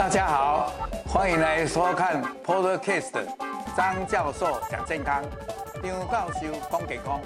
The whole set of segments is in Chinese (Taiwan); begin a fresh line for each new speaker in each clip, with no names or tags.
大家好，歡迎來收看 Podcast 張教授講健康，張教授講健康。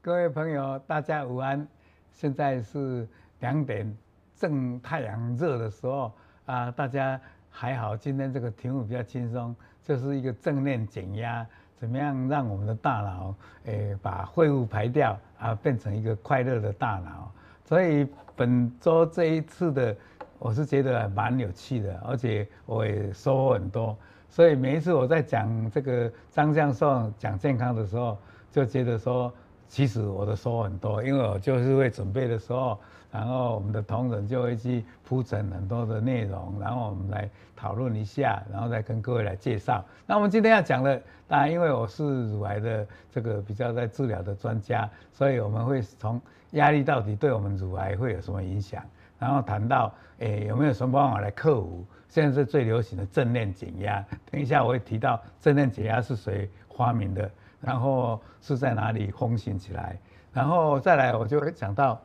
各位朋友，大家午安，現在是兩點正，太陽熱的時候啊，大家還好？今天這個題目比較輕鬆，就是一個正念減壓。怎麼樣讓我們的大腦誒把廢物排掉啊，變成一個快樂的大腦？所以本周這一次的，我是覺得蠻有趣的，而且我也收穫很多。所以每一次我在講這個張教授講健康的時候，就覺得說其實我的收穫很多，因為我就是會準備的時候，然後我們的同仁就會去。鋪陳很多的內容，然後我們來討論一下，然後再跟各位來介紹。那我們今天要講的，當然因為我是乳癌的這個比較在治療的專家，所以我們會從壓力到底對我們乳癌會有什麼影響，然後談到誒、欸、有沒有什麼辦法來克服。現在是最流行的正念減壓，等一下我會提到正念減壓是誰發明的，然後是在哪裡風行起來，然後再來我就會講到。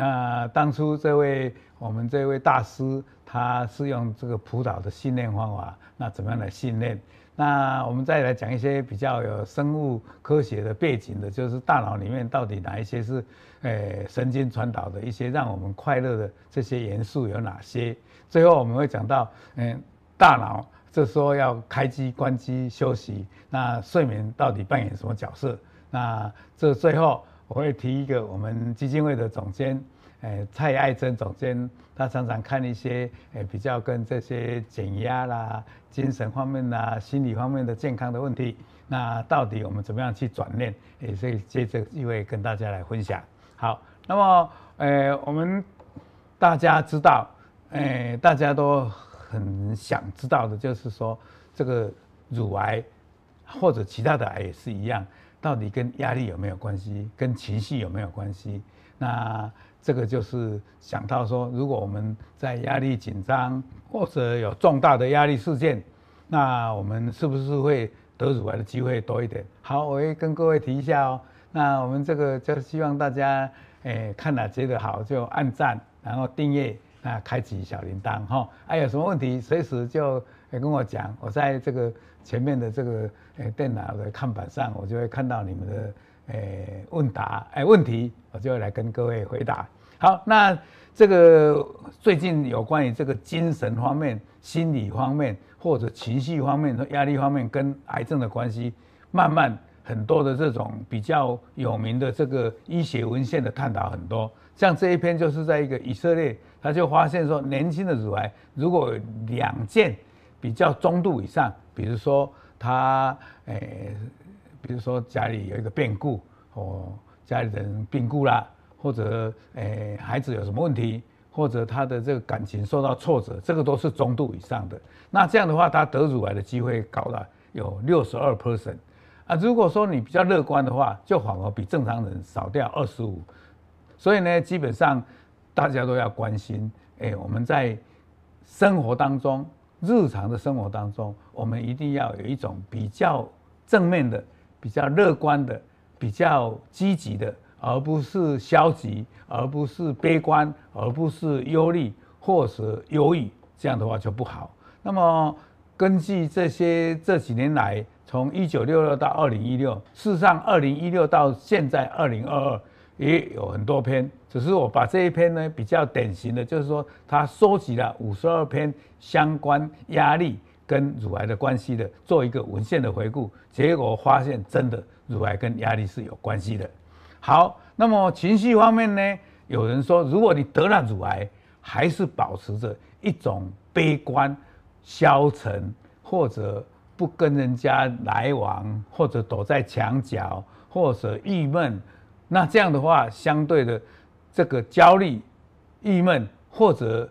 那當初這位我們這位大師，他是用這個葡萄的訓練方法，那怎麼樣來訓練？那我們再來講一些比較有生物科學的背景的，就是大腦裡面到底哪一些是，誒神經傳導的一些讓我們快樂的這些元素有哪些？最後我們會講到，嗯，大腦這時候要開機關機休息，那睡眠到底扮演什麼角色？那這最後。我會提一個，我們基金會的總監、欸，蔡愛珍總監，他常常看一些，欸、比較跟這些減壓啦、精神方面啦、心理方面的健康的問題。那到底我們怎麼樣去轉念？也是借這個機會跟大家來分享。好，那麼，欸、我們大家知道、欸，大家都很想知道的，就是說這個乳癌或者其他的癌也是一樣。到底跟壓力有沒有關係？跟情緒有沒有關係？那這個就是想到說，如果我們在壓力緊張或者有重大的壓力事件，那我們是不是會得乳癌的機會多一點？好，我也跟各位提一下哦。那我們這個就希望大家誒、欸、看了覺得好就按讚，然後訂閱那開啟小鈴鐺哈。哎、哦啊，有什麼問題隨時就跟我講，我在這個。前面的這個誒，電腦的看板上，我就會看到你們的誒問答誒問題，我就會來跟各位回答。好，那這個最近有關於這個精神方面、心理方面或者情緒方面和壓力方面跟癌症的關係，慢慢很多的這種比較有名的這個醫學文獻的探討很多，像這一篇就是在一個以色列，他就發現說，年輕的乳癌如果兩件比較中度以上。比如說他誒、欸，比如說家裡有一個變故哦、喔，家裡人病故啦，或者誒、欸、孩子有什麼問題，或者他的這個感情受到挫折，這個都是中度以上的。那這樣的話，他得乳癌的機會高了有六十二 percent 啊。如果說你比較樂觀的話，就反而比正常人少掉二十五。所以呢，基本上大家都要關心誒、欸，我們在生活當中。日常的生活當中，我們一定要有一種比較正面的、比較樂觀的、比較積極的，而不是消極，而不是悲觀，而不是憂慮或是憂鬱。這樣的話就不好。那麼根據這些這幾年來，從一九六六到二零一六，事實上二零一六到現在二零二二。2022，也有很多篇，只是我把這一篇呢比較典型的就是說，他收集了五十二篇相關壓力跟乳癌的關係的，做一個文獻的回顧，結果發現真的乳癌跟壓力是有關係的。好，那麼情緒方面呢，有人說，如果你得了乳癌，還是保持着一種悲觀、消沉，或者不跟人家來往，或者躲在牆角，或者鬱悶。那這樣的話，相對的，這個焦慮、鬱悶或者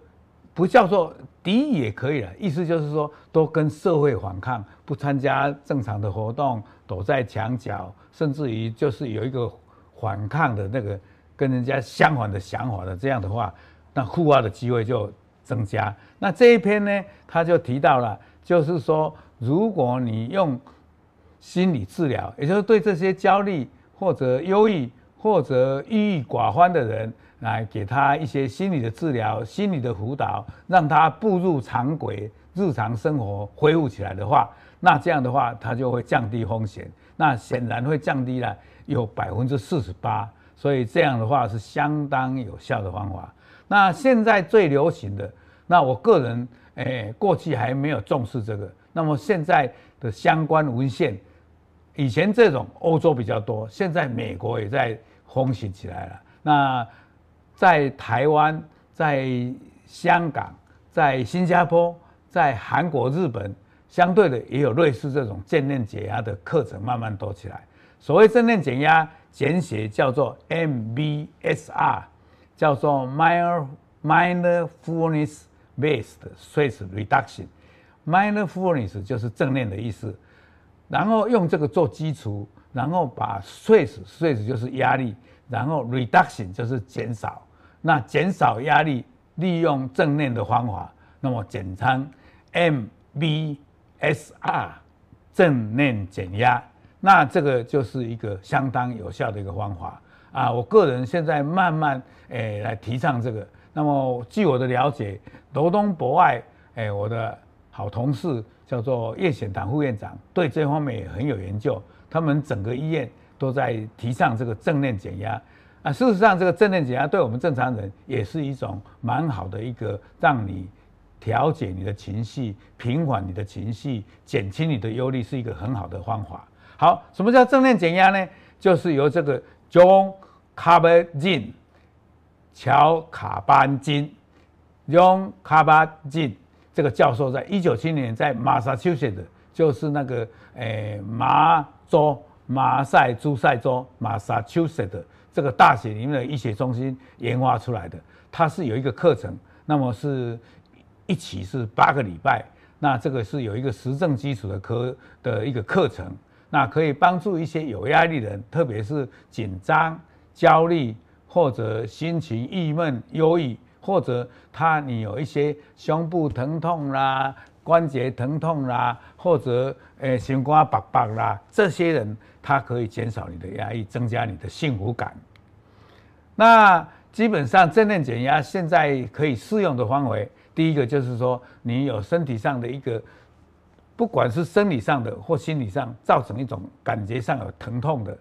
不叫做敵也可以了，意思就是說，都跟社會反抗，不參加正常的活動，躲在牆角，甚至於就是有一個反抗的那個跟人家相反的想法的，這樣的話，那互毆的機會就增加。那這一篇呢，他就提到了，就是說，如果你用心理治療，也就是對這些焦慮或者憂鬱。或者鬱鬱寡歡的人來給他一些心理的治療、心理的輔導，讓他步入常軌，日常生活恢復起來的話，那這樣的話他就會降低風險，那顯然會降低了有百分之四十八，所以這樣的話是相當有效的方法。那現在最流行的，那我個人誒、欸，過去還沒有重視這個，那麼現在的相關文獻。以前這種歐洲比較多，現在美國也在風行起來了。那在台灣、在香港、在新加坡、在韓國、日本，相對的也有類似這種正念減壓的課程慢慢多起來。所謂正念減壓，簡寫叫做 MBSR，叫做 Mindfulness Mindfulness Based Stress Reduction。Mindfulness 就是正念的意思。然後用這個做基礎，然後把 stress，stress 就是壓力，然後 reduction 就是減少，那減少壓力，利用正念的方法，那麼簡稱 MBSR，正念減壓，那這個就是一個相當有效的一個方法啊！我個人現在慢慢誒、哎、來提倡這個。那麼據我的了解，羅東博愛，誒、哎、我的好同事。叫做葉顯堂副院長，對這方面也很有研究。他們整個醫院都在提倡這個正念減壓。啊，事實上，這個正念減壓對我們正常人也是一種蠻好的一個，讓你調節你的情緒，平緩你的情緒，減輕你的憂慮，是一個很好的方法。好，什麼叫正念減壓呢？就是由這個 Jon Kabat-Zinn，喬卡班金，Jon Kabat-Zinn。這個教授在一九七零年在馬薩諸塞 s 就是那個誒、麻、欸、州、馬賽諸塞州、馬薩諸塞 s 這個大學裡面的醫學中心研發出來的。它是有一個課程，那麼是一期是八個禮拜，那這個是有一個實證基礎的科的一個課程，那可以幫助一些有壓力的人，特別是緊張、焦慮或者心情鬱悶、憂鬱。或者他你有一些胸部疼痛啦、關節疼痛啦，或者誒心肝白白啦，這些人他可以減少你的壓抑，增加你的幸福感。那基本上正念減壓現在可以適用的範圍，第一個就是說你有身體上的一個，不管是生理上的或心理上造成一種感覺上有疼痛的，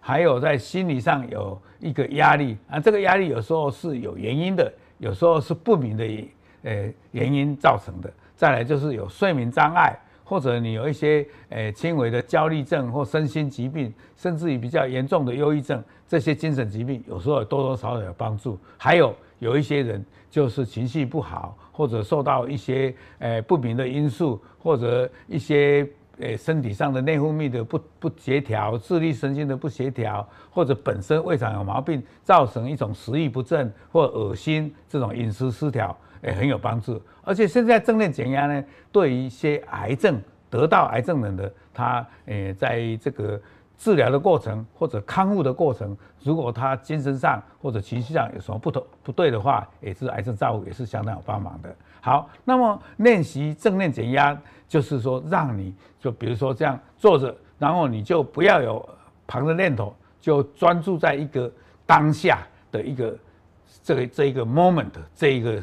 還有在心理上有一個壓力啊，這個壓力有時候是有原因的。有時候是不明的誒原因造成的。再來就是有睡眠障礙，或者你有一些誒輕微的焦慮症或身心疾病，甚至於比較嚴重的憂鬱症，這些精神疾病有時候有多多少少有幫助。還有有一些人就是情緒不好，或者受到一些誒不明的因素或者一些。誒，身體上的內分泌的不不協調，智力神經的不協調，或者本身胃腸有毛病，造成一種食欲不振或噁心這種飲食失調，也很有幫助。而且現在正念減壓呢，對於一些癌症得到癌症人的他，誒，在這個。治療的過程或者康復的過程，如果他精神上或者情緒上有什麼不同不對的話，也是癌症照顧也是相當有幫忙的。好，那麼練習正念減壓，就是說讓你就比如說這樣坐着，然後你就不要有旁的念頭，就專注在一個當下的一個這這一個 moment，這一個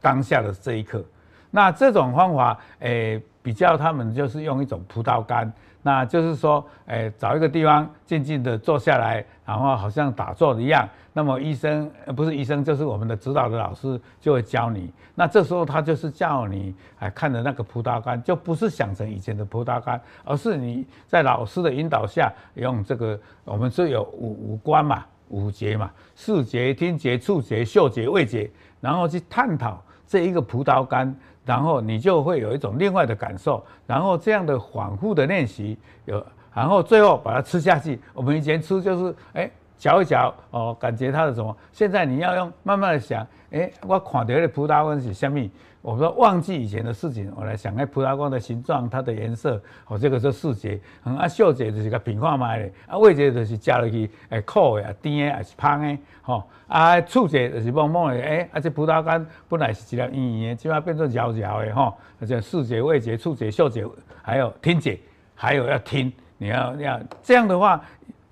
當下的這一刻。那這種方法，誒、欸，比較他們就是用一種葡萄乾。那就是說、欸，找一個地方靜靜的坐下來，然後好像打坐一樣。那麼醫生，不是醫生，就是我們的指導的老師就會教你。那這時候他就是叫你看着那個葡萄乾，就不是想成以前的葡萄乾，而是你在老師的引導下，用這個我們是有五五官嘛，五覺嘛，視覺、聽覺、觸覺、嗅覺、味覺，然後去探討。這一個葡萄乾，然後你就會有一種另外的感受，然後這樣的反覆的練習，有，然後最後把它吃下去。我們以前吃就是，誒。嚼一嚼，哦，感覺它的什麼？現在你要用慢慢的想，誒、欸，我看到那個葡萄乾是什麼，我說忘記以前的事情，我來想，葡萄乾的形狀、它的顏色，哦，這個是視覺；嗯，啊嗅覺就是個品看麥嘞，啊味覺就是吃落去，誒，苦的、甜的還是香的，吼、哦，啊觸覺就是摸摸誒。哎、欸，啊這葡萄乾本來是一粒圓圓的，現在變成繞繞的？吼、哦，而且視覺、味覺、觸覺、嗅覺，還有聽覺，還有要聽，你要你要這樣的話。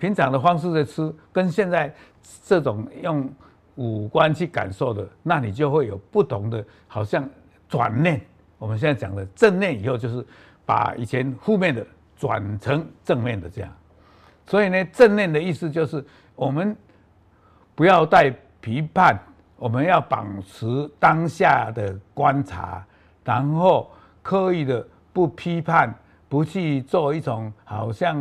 平常的方式在吃，跟現在這種用五官去感受的，那你就會有不同的，好像轉念。我們現在講的正念，以後就是把以前負面的轉成正面的這樣。所以呢，正念的意思就是我們不要帶批判，我們要保持當下的觀察，然後刻意的不批判。不去做一種好像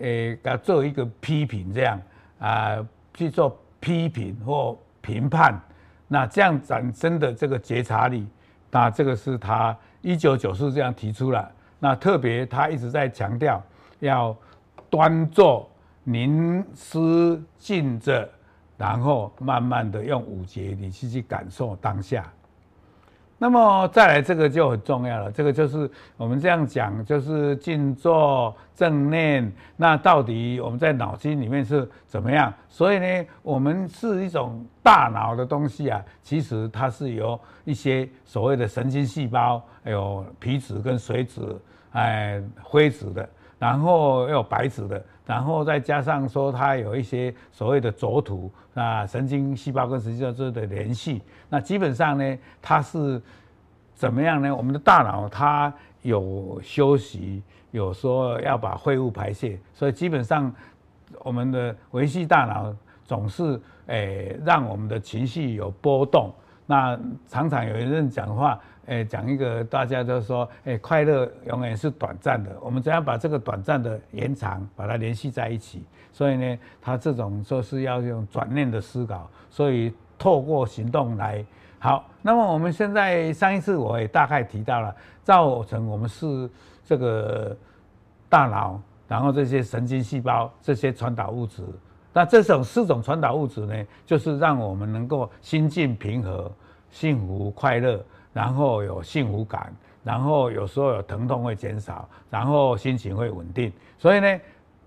誒、欸，做一個批評這樣啊、呃，去做批評或評判。那這樣產生的這個覺察力，那這個是他一九九四這樣提出了。那特別他一直在強調要端坐凝思靜着，然後慢慢的用五節你去去感受當下。那麼再來這個就很重要了，這個就是我們這樣講，就是靜坐正念，那到底我們在腦筋裡面是怎麼樣？所以呢，我們是一種大腦的東西啊，其實它是由一些所謂的神經細胞，還有皮質跟髓質，哎，灰質的。然後又有白質的，然後再加上說它有一些所謂的軸突啊，那神經細胞跟神經膠質的聯繫。那基本上呢，它是怎麼樣呢？我們的大腦它有休息，有說要把廢物排泄，所以基本上我們的維繫大腦總是誒、哎，讓我們的情緒有波動。那常常有人講的話。哎，講一個，大家都說，哎，快樂永遠是短暫的。我們怎樣把這個短暫的延長，把它聯繫在一起？所以呢，他這種說是要用轉念的思考，所以透過行動來。好，那麼我們現在上一次我也大概提到了，造成我們是這個大腦，然後這些神經細胞，這些傳導物質。那這種四種傳導物質呢，就是讓我們能夠心境平和、幸福快樂。然後有幸福感，然後有時候有疼痛會減少，然後心情會穩定。所以呢，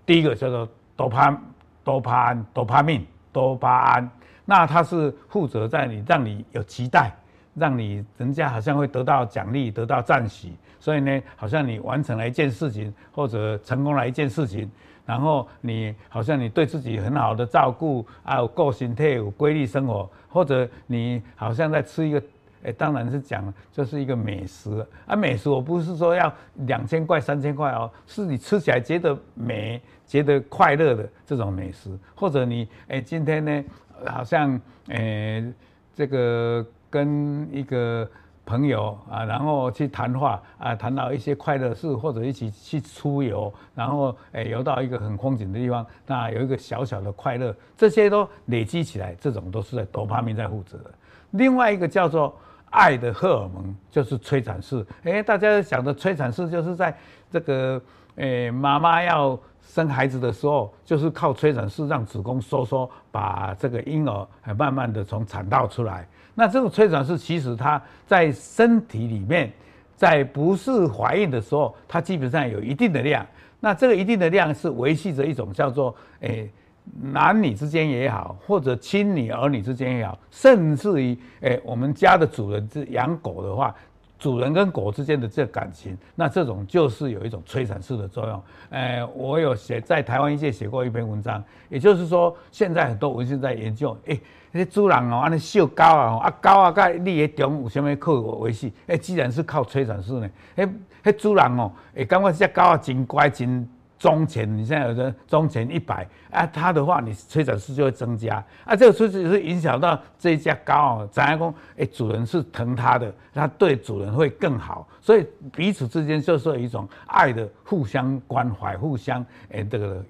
第一個叫做多巴多巴胺多巴胺、多巴胺，那它是負責在你讓你有期待，讓你人家好像會得到獎勵得到讚許。所以呢，好像你完成了一件事情或者成功了一件事情，然後你好像你對自己很好的照顧啊，有個性體有規律生活，或者你好像在吃一個。哎、欸，當然是講，這是一個美食啊，美食，我不是說要兩千塊、三千塊哦，是你吃起來覺得美、覺得快樂的這種美食，或者你、欸、今天呢，好像哎、欸，這個跟一個朋友啊，然後去談話啊，談到一些快樂事，或者一起去出遊，然後哎、欸，游到一個很風景的地方，那有一個小小的快樂，這些都累積起來，這種都是在多巴胺在負責的。另外一個叫做。愛的荷爾蒙就是催產素。欸，大家想的催產素就是在這個，哎、欸，媽媽要生孩子的時候，就是靠催產素讓子宮收縮，把這個嬰兒慢慢地從產道出來。那這個催產素其實它在身體裡面，在不是懷孕的時候，它基本上有一定的量。那這個一定的量是維繫着一種叫做，欸男女之間也好，或者親女兒女之間也好，甚至於、欸，我們家的主人是養狗的話，主人跟狗之間的這個感情，那這種就是有一種催產素的作用。欸、我有寫在台灣一些寫過一篇文章，也就是說，現在很多文獻在研究，誒、欸、那主人哦、喔，安尼笑狗啊，啊狗啊，該你個中有什麼靠我維繫？哎、欸，既然是靠催產素呢，誒、欸、那主人哦、喔，會、欸、感覺這隻狗啊真乖，真。中前，你現在有的中前一百，啊，他的話，你催產素就會增加，啊，這個催產素就會影響到這一家高啊，怎樣講，哎、欸，主人是疼他的，他對主人會更好，所以彼此之間就是有一種愛的互相關懷，互相哎這個。欸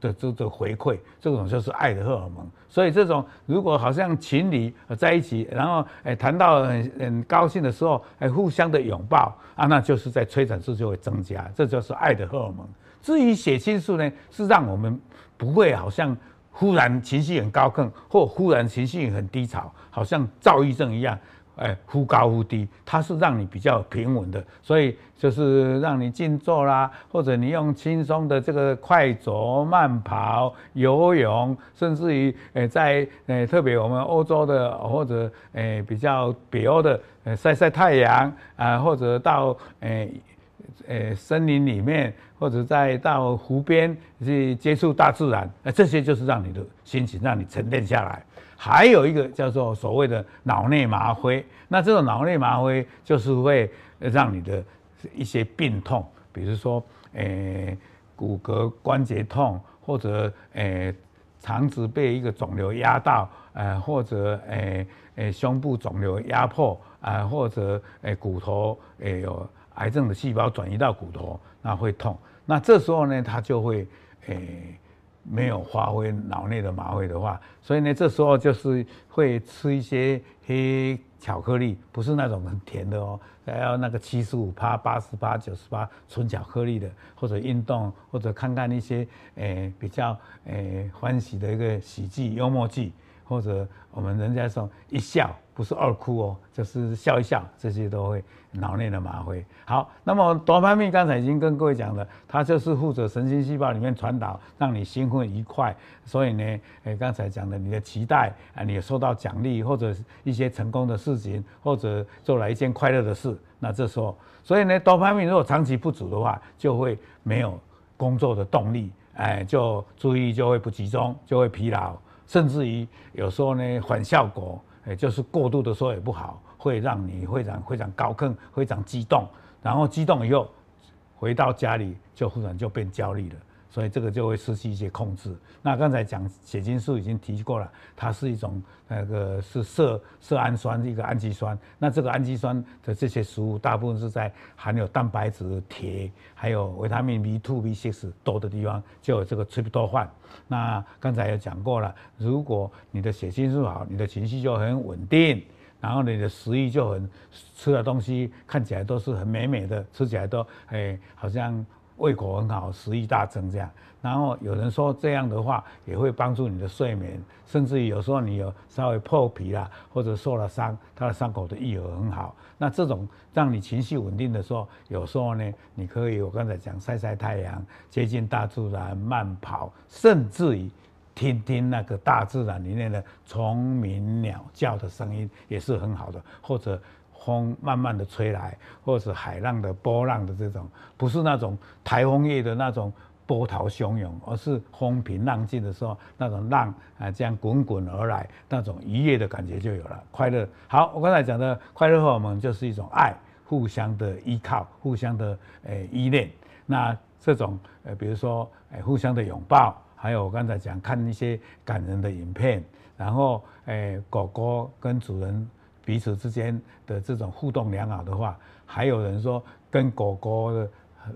的這這回饋，這種就是愛的荷爾蒙。所以這種如果好像情侶在一起，然後哎談到很高興的時候，哎互相的擁抱啊，那就是在催產素就會增加，這就是愛的荷爾蒙。至於血清素呢，是讓我們不會好像忽然情緒很高亢，或忽然情緒很低潮，好像躁鬱症一樣。哎，忽高忽低，它是讓你比較平穩的，所以就是讓你靜坐啦，或者你用輕鬆的這個快走、慢跑、游泳，甚至於在哎、呃、特別我們歐洲的或者哎、呃、比較北歐的，曬、呃、曬太陽啊、呃，或者到哎、呃呃、森林裡面，或者再到湖邊去接觸大自然、呃，這些就是讓你的心情讓你沉澱下來。還有一個叫做所謂的腦內嗎啡，那這種腦內嗎啡就是會讓你的一些病痛，比如說誒、呃、骨骼關節痛，或者誒、呃、腸子被一個腫瘤壓到，呃、或者誒誒、呃呃、胸部腫瘤壓迫啊、呃，或者誒、呃、骨頭誒、呃、有癌症的細胞轉移到骨頭，那會痛。那這時候呢，它就會誒。呃沒有發揮腦內的麻花的話，所以呢，這時候就是會吃一些黑巧克力，不是那種很甜的哦，要那個七十五趴、八十趴、九十趴純巧克力的，或者運動，或者看看一些誒比較誒歡喜的一個喜劇、幽默劇，或者我們人家說一笑。不是二哭哦，就是笑一笑，這些都會腦內的嗎啡。好，那麼多巴胺剛才已經跟各位講了，它就是負責神經細胞裡面傳導，讓你興奮愉快。所以呢，哎，剛才講的你的期待，你受到獎勵或者一些成功的事情，或者做了一件快樂的事，那這時候，所以呢，多巴胺如果長期不足的話，就會沒有工作的動力，就注意就會不集中，就會疲勞，甚至於有時候呢，反效果。哎，也就是過度的時候也不好，會讓你非常非常高亢、非常激動，然後激動以後回到家裡就忽然就變焦慮了。所以這個就會失去一些控制。那剛才講血清素已經提過了，它是一種那個是色色氨酸，一個氨基酸。那這個氨基酸的這些食物，大部分是在含有蛋白質、鐵，還有維他命 B2、B6 多的地方就有這個 tryptophan。那剛才也講過了，如果你的血清素好，你的情緒就很穩定，然後你的食慾就很，吃的東西看起來都是很美美的，吃起來都哎、欸、好像。胃口很好，食慾大增，這樣。然後有人說這樣的話也會幫助你的睡眠，甚至於有時候你有稍微破皮啦，或者受了傷，它的傷口的愈合很好。那這種讓你情緒穩定的時候，有時候呢，你可以我剛才講曬曬太陽，接近大自然，慢跑，甚至於聽聽那個大自然裡面的蟲鳴鳥叫的聲音也是很好的，或者，風慢慢的吹來，或是海浪的波浪的這種，不是那種台風夜的那種波濤洶湧，而是風平浪靜的時候，那種浪啊，這樣滾滾而來，那種愉悅的感覺就有了，快樂。好，我剛才講的快樂荷爾蒙就是一種愛，互相的依靠，互相的誒、欸、依戀。那這種，呃、比如說誒、欸、互相的擁抱，還有我剛才講看一些感人的影片，然後誒、欸、狗狗跟主人，彼此之間的這種互動良好的話，還有人說跟狗狗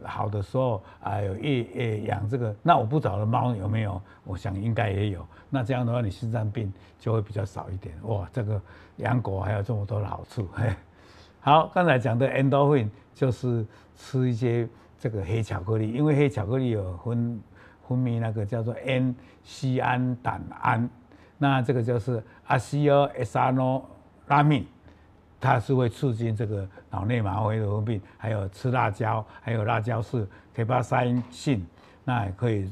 好的時候啊，有意養這個。那我不找的貓有沒有？我想應該也有。那這樣的話，你心臟病就會比較少一點。哇，這個養狗還有這麼多的好處！嘿，好，剛才講的 endorphin 就是吃一些這個黑巧克力，因為黑巧克力有分分泌那個叫做 N- 西胺膽胺，那這個就是阿西爾 Sano。拉麵，它是會刺激這個腦內嗎啡的分泌。還有吃辣椒，還有辣椒是可以巴塞因性，那也可以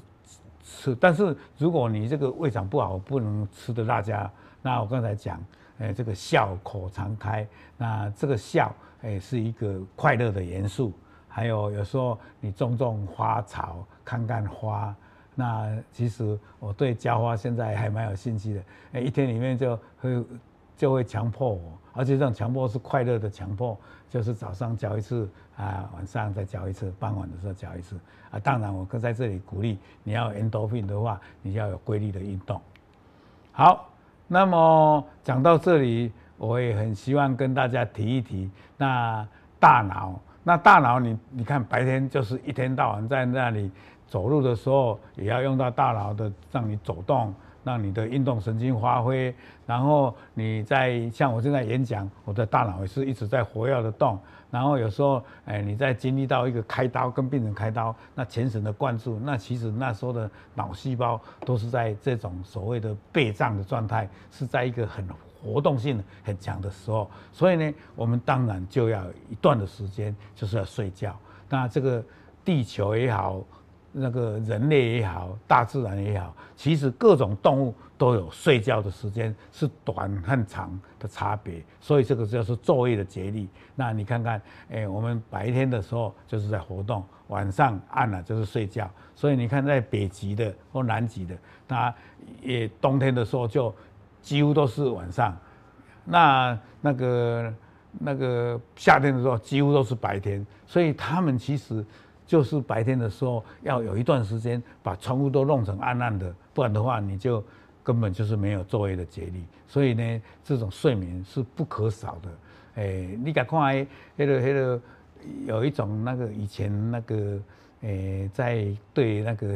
吃。但是如果你這個胃腸不好，不能吃的辣椒。那我剛才講，哎、欸，這個笑口常開，那這個笑，哎、欸，是一個快樂的元素。還有有時候你種種花草，看看花，那其實我對澆花現在還蠻有興趣的。哎、欸，一天裡面就會。就會強迫我，而且這種強迫是快樂的強迫，就是早上嚼一次啊，晚上再嚼一次，傍晚的時候嚼一次啊。當然，我更在這裡鼓勵你要 endorphin 的話，你要有規律的運動。好，那麼講到這裡，我也很希望跟大家提一提那大腦。那大腦，你你看，白天就是一天到晚在那裡走路的時候，也要用到大腦的，讓你走動。讓你的運動神經發揮，然後你在像我正在演講，我的大腦是一直在活躍的動。然後有時候、哎，你在經歷到一個開刀，跟病人開刀，那全神的灌注，那其實那時候的腦細胞都是在這種所謂的備戰的狀態，是在一個很活動性很強的時候。所以呢，我們當然就要一段的時間就是要睡覺。那這個地球也好，那個人類也好，大自然也好，其實各種動物都有睡覺的時間，是短和長的差別。所以這個就是晝夜的節律。那你看看，欸，我們白天的時候就是在活動，晚上暗了就是睡覺。所以你看，在北極的或南極的，它也冬天的時候就幾乎都是晚上，那那個那個夏天的時候幾乎都是白天。所以他們其實。就是白天的時候要有一段時間把窗戶都弄成暗暗的，不然的話你就根本就是沒有晝夜的節律。所以呢，這種睡眠是不可少的。誒、欸，你敢看、那個，迄、那個迄、那個有一種那個以前那個誒、欸，在對那個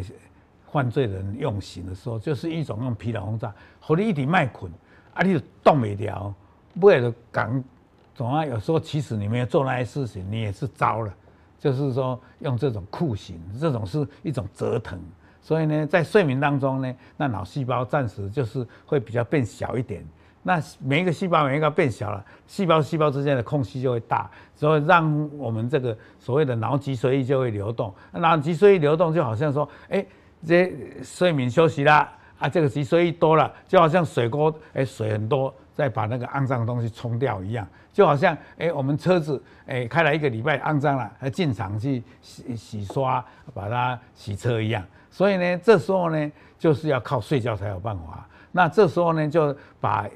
犯罪人用刑的時候，就是一種用疲勞轟炸，和你一直麥綑，啊，你就動不了。不曉得講，總言有時候其實你沒有做那些事情，你也是糟了。就是說，用這種酷刑，這種是一種折騰。所以呢，在睡眠當中呢，那腦細胞暫時就是會比較變小一點。那每一個細胞每一個變小了，細胞細胞之間的空隙就會大，所以讓我們這個所謂的腦脊髓液就會流動。那腦脊髓液流動就好像說，哎，這睡眠休息了啊，這個脊髓液多了，就好像水溝，哎，水很多。再把那個骯髒的東西沖掉一樣，就好像哎、欸，我們車子哎、欸、開了一個禮拜骯髒了，還進廠去洗洗刷，把它洗車一樣。所以呢，這時候呢，就是要靠睡覺才有辦法。那這時候呢，就把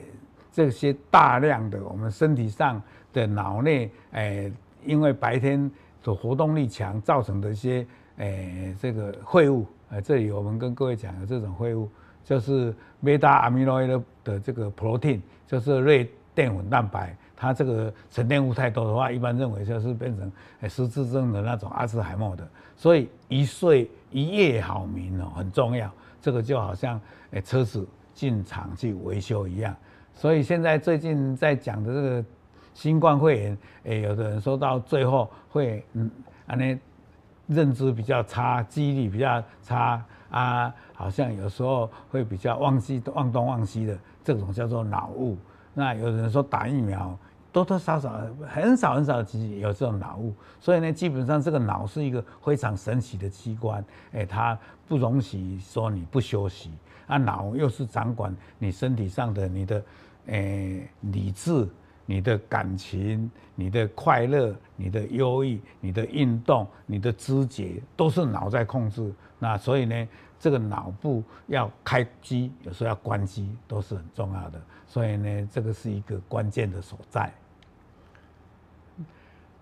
這些大量的我們身體上的腦內哎、呃，因為白天的活動力強造成的一些哎、呃、這個穢物，哎、呃，這裡我們跟各位講的這種穢物，就是 β-amyloid 的這個 protein，就是類澱粉蛋白，它這個沉澱物太多的話，一般認為就是變成失智症的那種阿茲海默的。所以一睡一夜好眠哦，很重要。這個就好像哎車子進廠去維修一樣。所以現在最近在講的這個新冠肺炎，有的人說到最後會嗯啊那認知比較差，記憶力比較差啊，好像有時候會比較忘記忘東忘西的。這種叫做腦霧，那有人說打疫苗多多少少很少很少其實有這種腦霧，所以呢，基本上這個腦是一個非常神奇的器官、欸，它不容許說你不休息。那腦又是掌管你身體上的你的，欸、理智、你的感情、你的快樂、你的憂鬱、你的運動、你的知覺，都是腦在控制。那所以呢？這個腦部要開機，有時候要關機，都是很重要的。所以呢，這個是一個關鍵的所在。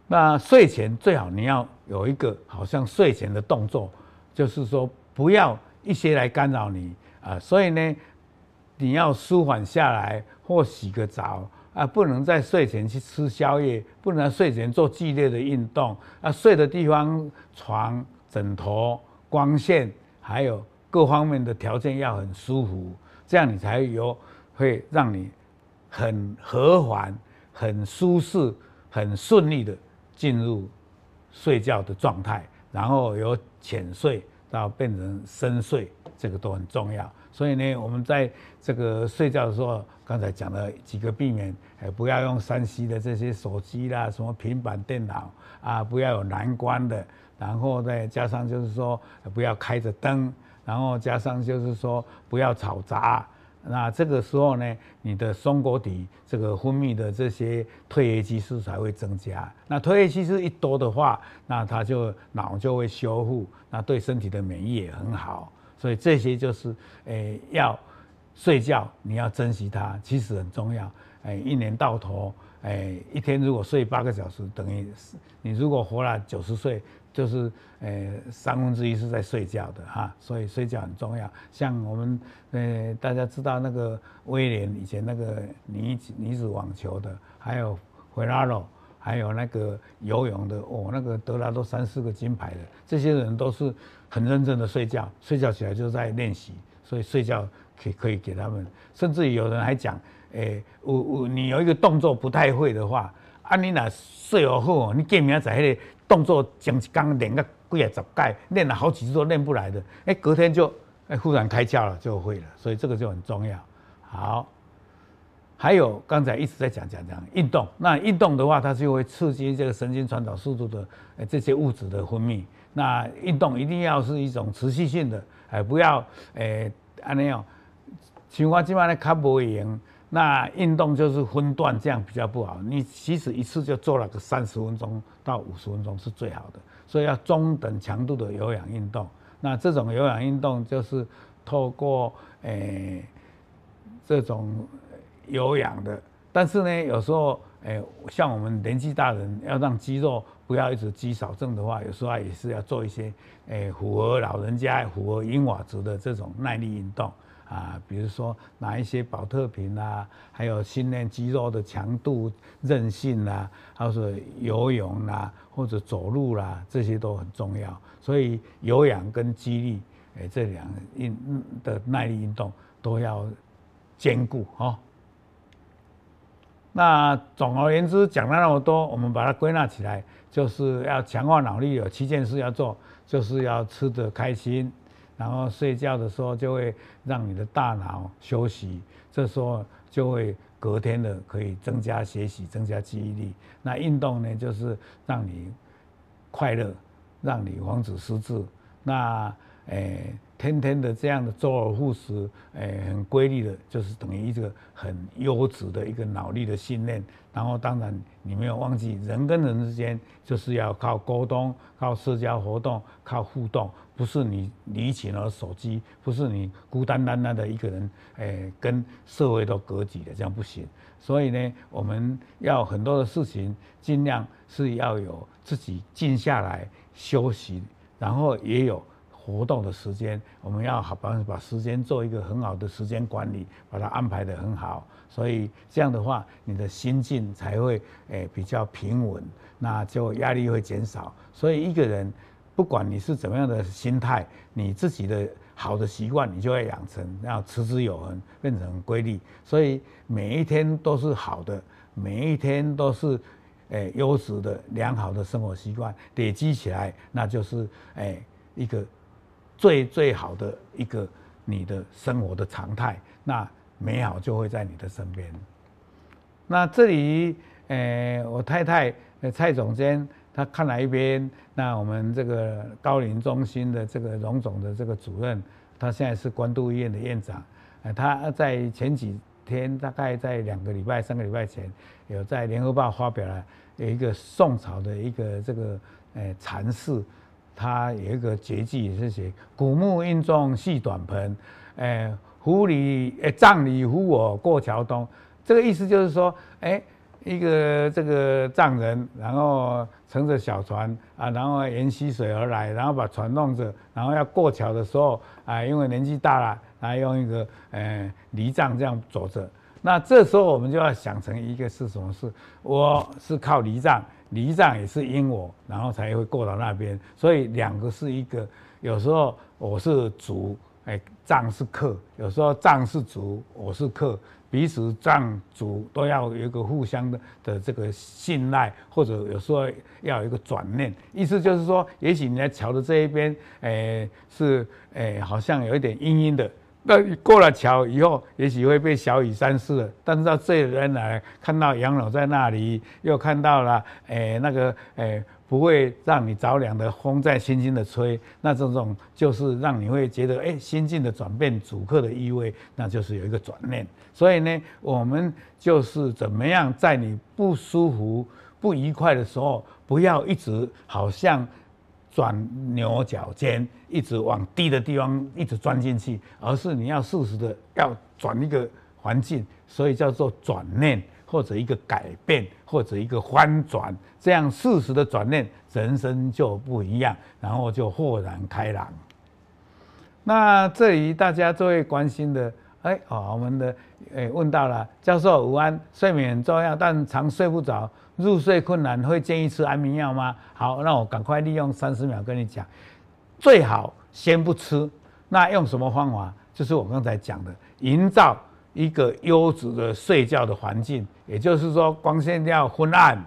那睡前最好你要有一個好像睡前的動作，就是說不要一些來干擾你啊、呃。所以呢，你要舒緩下來或洗個澡啊、呃，不能在睡前去吃宵夜，不能在睡前做劇烈的運動。啊、呃，睡的地方、床、枕頭、光線。還有各方面的條件要很舒服，這樣你才有會讓你很和緩、很舒適、很順利的進入睡覺的狀態，然後由淺睡到變成深睡，這個都很重要。所以呢，我們在這個睡覺的時候，剛才講了幾個避免，哎，不要用 3C 的這些手機啦，什麼平板電腦啊，不要有藍光的。然後再加上就是說不要開着燈，然後加上就是說不要吵雜。那這個時候呢，你的松果體這個分泌的這些褪黑激素才會增加。那褪黑激素一多的話，那它就腦就會修復，那對身體的免疫也很好。所以這些就是誒、呃、要睡覺，你要珍惜它，其實很重要。哎、呃，一年到頭，哎、呃，一天如果睡八個小時，等於你如果活了九十歲。就是，誒，三分之一是在睡覺的哈，所以睡覺很重要。像我們，誒，大家知道那個威廉以前那個女子女子網球的，還有費拉羅，還有那個游泳的哦，那個得了都三四個金牌的，這些人都是很認真的睡覺，睡覺起來就在練習，所以睡覺可以可以給他們。甚至有人還講，誒，我我你有一個動作不太會的話。啊你，你那睡好後你隔明仔在迄動作，前一工練個幾十下，練了好幾次都練不來的，誒、欸，隔天就誒忽然開竅了，就會了。所以這個就很重要。好，還有剛才一直在講講講運動，那運動的話，它就會刺激這個神經傳導速度的這些物質的分泌。那運動一定要是一種持續性的，哎、欸，不要誒，安尼哦，像我今晚咧卡無用。那運動就是分段，這樣比較不好。你其實一次就做了個三十分鐘到五十分鐘是最好的，所以要中等強度的有氧運動。那這種有氧運動就是透過誒、欸、這種有氧的，但是呢，有時候誒、欸、像我們年紀大人要讓肌肉不要一直肌少症的話，有時候也是要做一些誒、欸、符合老人家、符合銀髮族的這種耐力運動。啊，比如說拿一些保特瓶啊，還有訓練肌肉的強度、韌性啊，還有是游泳啊，或者走路啦、啊，這些都很重要。所以有氧跟肌力，哎、欸，這兩運的耐力運動都要兼顧哦。那總而言之，講了那麼多，我們把它歸納起來，就是要強化腦力，有七件事要做，就是要吃得開心。然後睡覺的時候就會讓你的大腦休息，這時候就會隔天的可以增加學習、增加記憶力。那運動呢，就是讓你快樂，讓你防止失智。那誒、哎，天天的這樣的周而復始，誒、哎，很規律的，就是等於一個很優質的一個腦力的訓練。然後當然你沒有忘記，人跟人之間就是要靠溝通、靠社交活動、靠互動。不是你離棄了手機，不是你孤單單單的一個人，誒、欸，跟社會都隔絕了，這樣不行。所以呢，我們要很多的事情，儘量是要有自己靜下來休息，然後也有活動的時間。我們要好把把時間做一個很好的時間管理，把它安排得很好。所以這樣的話，你的心境才會誒、欸、比較平穩，那就壓力會減少。所以一個人。不管你是怎麼樣的心態，你自己的好的習慣你就會養成，然後持之有恆，變成規律。所以每一天都是好的，每一天都是誒優質的良好的生活習慣累積起來，那就是誒、欸、一個最最好的一個你的生活的常態，那美好就會在你的身邊。那這裡誒、欸、我太太、欸、蔡總監。他看了一邊，那我們這個高齡中心的這個榮總的這個主任，他現在是關渡醫院的院長，哎，他在前幾天，大概在兩個禮拜、三個禮拜前，有在聯合報發表了有一個宋朝的一個這個哎禪詩，他有一個絕句是寫：古木陰中繫短篷哎，扶你哎杖藜扶我過橋東。這個意思就是說，哎、欸。一個這個藏人，然後乘着小船啊，然後沿溪水而來，然後把船弄着，然後要過橋的時候啊、哎，因為年紀大了，來用一個呃藜杖這樣走着。那這時候我們就要想成一個是什麼事？我是靠藜杖，藜杖也是因我，然後才會過到那邊，所以兩個是一個有時候我是主，哎，藏是客，有時候藏是主，我是客，彼此藏主都要有一個互相的的這個信賴，或者有時候要有一個轉念，意思就是說，也許你在橋的這一邊，哎，是哎，好像有一點陰陰的，那過了橋以後，也許會被小雨沾濕了，但是到這裡人來看到楊老在那裡，又看到了哎那個哎。誒不會讓你着涼的風在輕輕的吹，那這種就是讓你會覺得哎心境，的轉變，主客的意味，那就是有一個轉念。所以呢，我們就是怎麼樣在你不舒服、不愉快的時候，不要一直好像轉牛角尖，一直往低的地方一直鑽進去，而是你要適時的要轉一個環境，所以叫做轉念。或者一個改變，或者一個翻轉，這樣事實的轉念，人生就不一樣，然後就豁然開朗。那這裡大家最關心的，哎哦，我們的誒、哎，問到了，教授午安，睡眠很重要，但常睡不着，入睡困難，會建議吃安眠藥嗎？好，那我趕快利用三十秒跟你講，最好先不吃，那用什麼方法？就是我剛才講的，營造。一個優質的睡覺的環境，也就是說光線要昏暗，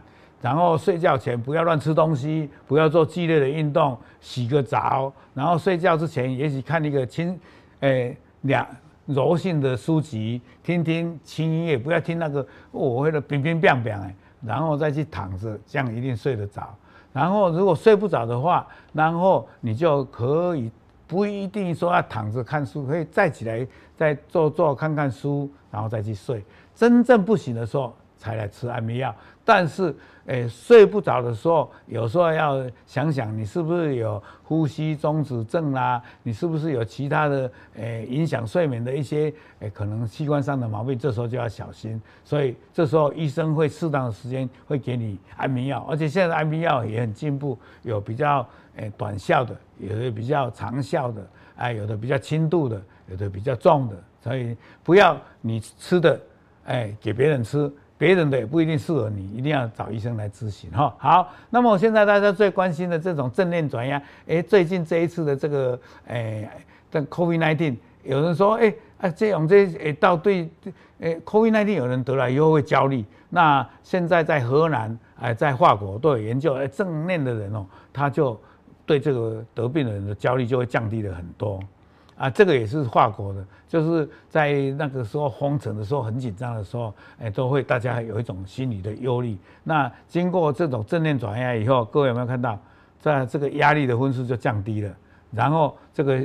然後睡覺前不要亂吃東西，不要做劇烈的運動，洗個澡，然後睡覺之前也許看一個輕，誒、欸、兩柔性的書籍，聽聽輕音樂，不要聽那個我為了冰冰冰冰誒，然後再去躺着，這樣一定睡得着。然後如果睡不着的話，然後你就可以不一定說要躺着看書，可以站起來。再坐坐看看書，然後再去睡。真正不行的時候才來吃安眠藥。但是，誒、欸，睡不着的時候，有時候要想想你是不是有呼吸中止症啦、啊，你是不是有其他的誒、欸、影響睡眠的一些誒、欸、可能器官上的毛病，這時候就要小心。所以，這時候醫生會適當的時間會給你安眠藥，而且現在的安眠藥也很進步，有比較誒短效的，有的比較長效的，欸、有的比較輕度的。有的比較重的，所以不要你吃的，哎，給別人吃，別人的也不一定適合你，一定要找醫生來諮詢哈。好，那麼我現在大家最關心的這種正念減壓，哎、欸，最近這一次的這個，哎、欸，這 COVID nineteen 有人說，哎、欸，啊，這種這，哎、欸，到對，哎、欸、COVID nineteen 有人得了以後會焦慮，那現在在荷蘭，哎、欸，在法國都有研究，哎、欸，正念的人哦、喔，他就對這個得病的人的焦慮就會降低了很多。啊，這個也是跨國的，就是在那個時候封城的時候很緊張的時候，欸，都會大家有一種心理的憂慮。那經過這種正念轉壓以後，各位有沒有看到，在這個壓力的分數就降低了，然後這個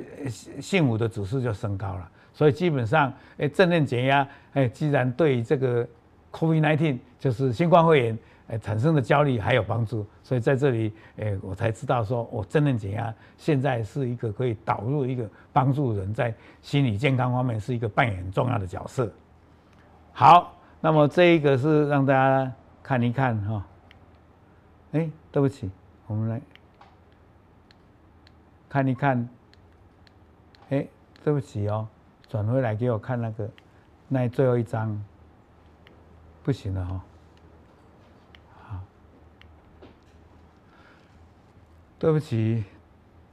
幸福的指數就升高了。所以基本上，欸，正念減壓，欸，既然對於這個 COVID nineteen 就是新冠肺炎。哎、欸，產生的焦慮還有幫助，所以在這裡，哎、欸，我才知道說，我、喔、正念減壓現在是一個可以導入一個幫助人在心理健康方面是一個扮演很重要的角色。好，那麼這一個是讓大家看一看哈、喔。哎、欸，對不起，我們來看一看。哎、欸，對不起哦、喔，轉回來給我看那個，那最後一張，不行了哈、喔。對不起，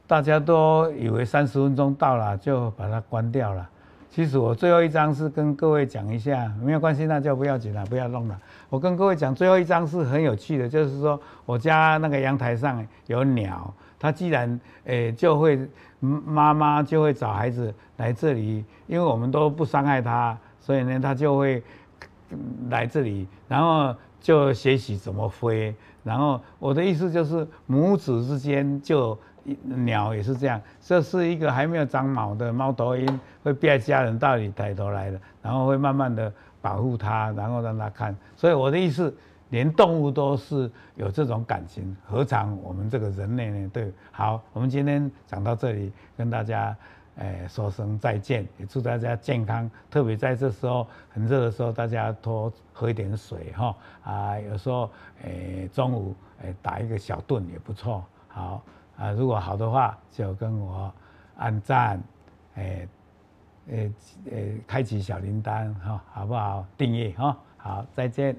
大家都以為三十分鐘到了就把它關掉了。其實我最後一張是跟各位講一下，沒有關係，那就不要緊了，不要弄了。我跟各位講，最後一張是很有趣的，就是說我家那個陽台上有鳥，它既然誒、欸、就會媽媽就會找孩子來這裡，因為我們都不傷害它，所以呢它就會來這裡，然後。就學習怎麼飛，然後我的意思就是，母子之間就鳥也是這樣，這是一個還沒有長毛的貓頭鷹，會帶家人到你抬頭來的，然後會慢慢的保護它，然後讓它看。所以我的意思，連動物都是有這種感情，何嘗我們這個人類呢？對，好，我們今天講到這裡，跟大家。說聲再見，也祝大家健康。特別在這時候很熱的時候，大家多喝一點水哈。啊，有時候中午打一個小盹也不錯。好啊，如果好的話，就跟我按讚，哎，呃開啟小鈴鐺哈，好不好？訂閱哈，好，再見。